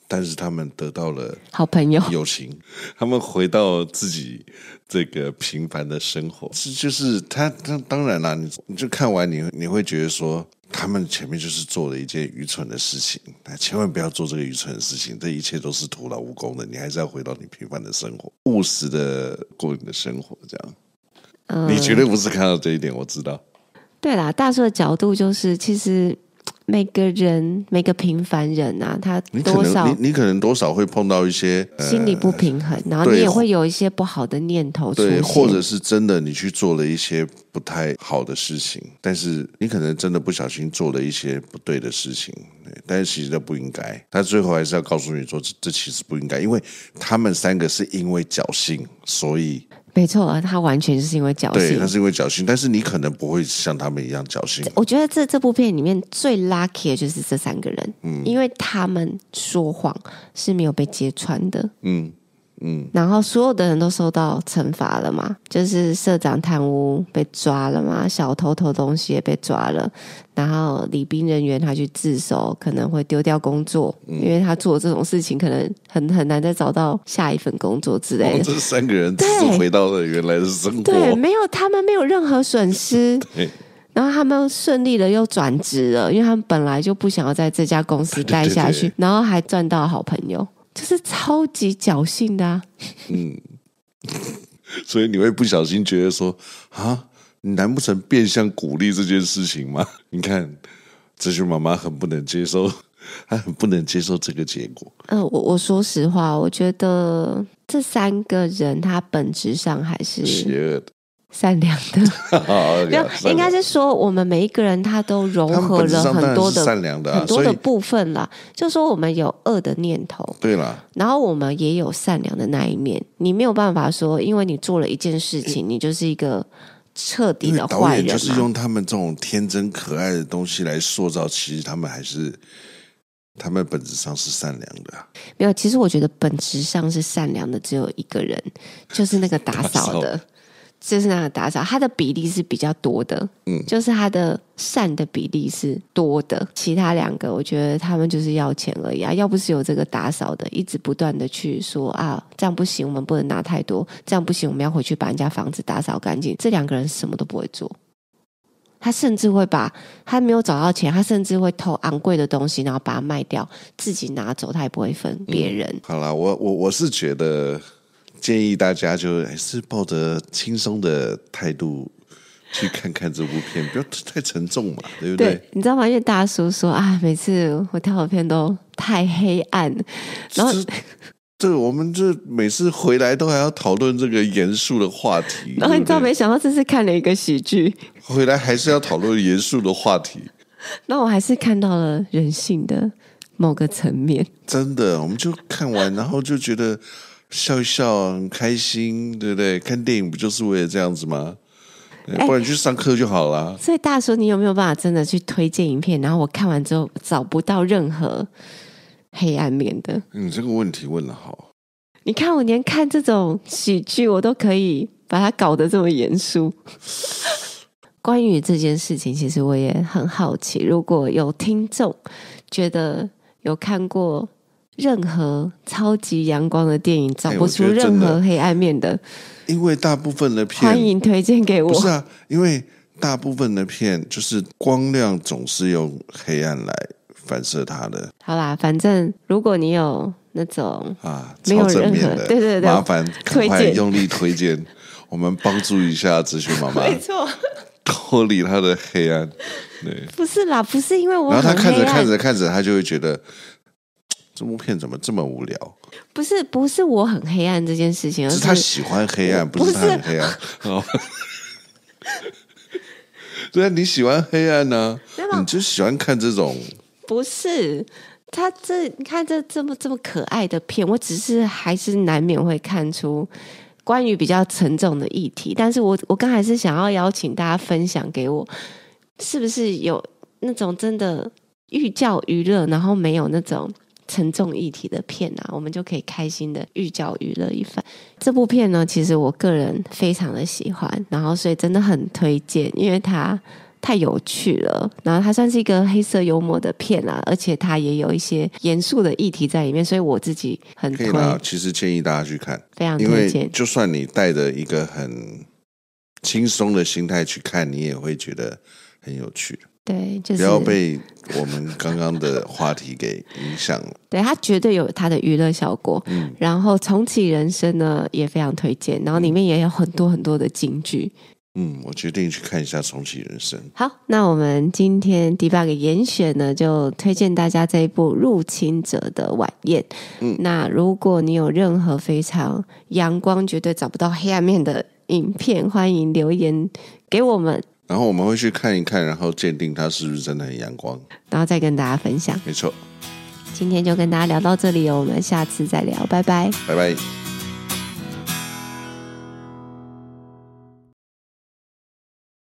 但是他們得到了好朋友友情，他們回到自己這個平凡的生活，這就是他他當然啦，你你就看完你你會覺得說，他們前面就是做了一件愚蠢的事情，那千萬不要做這個愚蠢的事情，這一切都是徒勞無功的。你還是要回到你平凡的生活，務實的過你的生活，這樣。呃，你絕對不是看到這一點，我知道。對啦，大叔的角度就是其實。每個人，每個平凡人啊，他多少，你可，你，你可能多少會碰到一些心理不平衡，呃、然後你也會有一些不好的念頭出現，對，或者是真的你去做了一些不太好的事情，但是你可能真的不小心做了一些不對的事情，對，但是其實這不應該，他最後還是要告訴你說，這這其實不應該，因為他們三個是因為僥倖，所以。沒錯，他完全就是因為僥倖。對，他是因為僥倖，但是你可能不會像他們一樣僥倖。我覺得這這部片裡面最 lucky 的就是這三個人，嗯。因為他們說謊是沒有被揭穿的。嗯。嗯，然後所有的人都受到懲罰了嘛，就是社長貪污被抓了嘛，小偷偷東西也被抓了，然後禮賓人員他去自首，可能會丟掉工作，嗯，因為他做這種事情可能很很難再找到下一份工作之類的。這三個人都回到了原來的生活，對，對，沒有他們沒有任何損失， 對然後他們順利的又轉職了，因為他們本來就不想要在這家公司待下去，對對對，然後還賺到好朋友。就是超級僥倖的、啊，嗯，所以你會不小心覺得說啊，你難不成變相鼓勵這件事情嗎？你看，哲學媽媽很不能接受，她很不能接受這個結果。嗯、呃，我我說實話，我覺得這三個人他本質上還是邪惡的。善良的， okay, 沒有，良應該是說我們每一個人他都融合了很多的善良的、啊，很多的部分啦。以就說我們有惡的念頭，對啦啦，然後我們也有善良的那一面。你沒有辦法說，因為你做了一件事情，為你就是一個徹底的壞人、啊。導演就是用他們這種天真可愛的東西來塑造，其實他們還是他們本質上是善良的、啊。沒有，其實我覺得本質上是善良的只有一個人，就是那個打掃的。就是那個打掃，它的比例是比較多的，嗯，就是它的善的比例是多的。其他兩個，我覺得他們就是要錢而已啊。要不是有這個打掃的，一直不斷的去說啊，這樣不行，我們不能拿太多，這樣不行，我們要回去把人家房子打掃乾淨。這兩個人什麼都不會做，他甚至會把他沒有找到錢，他甚至會偷昂貴的東西，然後把它賣掉，自己拿走，他也不會分別人。嗯、好啦，我我我是覺得。建議大家就還是抱着輕鬆的態度去看看這部片，不要太沉重嘛，對不對？對你知道嗎？因為大叔說啊，每次我挑的片都太黑暗，然後這然後對，我們就每次回來都還要討論這個嚴肅的話題。然後你知道，沒想到這次看了一個喜劇，回來還是要討論嚴肅的話題。 那我還是看到了人性的某個層面。真的，我們就看完，然後就覺得。笑一笑很開心，對不對？看電影不就是為了這樣子嗎？不然去上課就好了、欸。所以大叔，你有沒有辦法真的去推薦影片？然後我看完之後找不到任何黑暗面的。你、嗯、這個問題問得好。你看我連看這種喜劇，我都可以把它搞得這麼嚴肅。 關於這件事情，其實我也很好奇。如果有聽眾覺得有看過。任何超級陽光的電影，找不出任何黑暗面的，欸，我覺得真的，因為大部分的片歡迎推薦給我，不是啊，因為大部分的片就是光亮總是用黑暗來反射它的。好啦，反正如果你有那種啊，超正面的沒有任何對，對對對，麻煩推薦，趕快用力推薦， 我們幫助一下諮詢媽媽，沒錯，脫離他的黑暗。對，不是啦，不是因為我，然後他看着看着看着，他就會覺得。這部片怎麼這麼無聊？不是，不是我很黑暗這件事情，而是，是他喜歡黑暗，不是，不是他很黑暗。 對啊，你喜歡黑暗呢、啊？麼你就喜歡看這種？不是，他這你看這這麼這麼可愛的片，我只是還是難免會看出關於比較沉重的議題。但是我我剛才是想要邀請大家分享給我，是不是有那種真的寓教於樂，然後沒有那種。沉重議題的片啊，我們就可以開心的寓教於樂一番。這部片呢，其實我個人非常的喜歡，然後所以真的很推薦，因為它太有趣了。然後它算是一個黑色幽默的片啊，而且它也有一些嚴肅的議題在裡面，所以我自己很推，可以了，其實建議大家去看，非常推薦。就算你帶着一個很輕鬆的心態去看，你也會覺得很有趣。對，就是不要被我們剛剛的話題給影響了。 對，它絕對有它的娛樂效果。嗯，然後重啟人生呢，也非常推薦，然後裡面也有很多很多的金句。嗯，我決定去看一下重啟人生。好，那我們今天 Debug 嚴選呢，就推薦大家這一部《入侵者的晚宴》。嗯，那如果你有任何非常陽光、絕對找不到黑暗面的影片，歡迎留言給我們。然後我們會去看一看，然後鑑定它是不是真的很陽光，然後再跟大家分享。沒錯，今天就跟大家聊到這裡哦，我們下次再聊，拜拜，拜拜。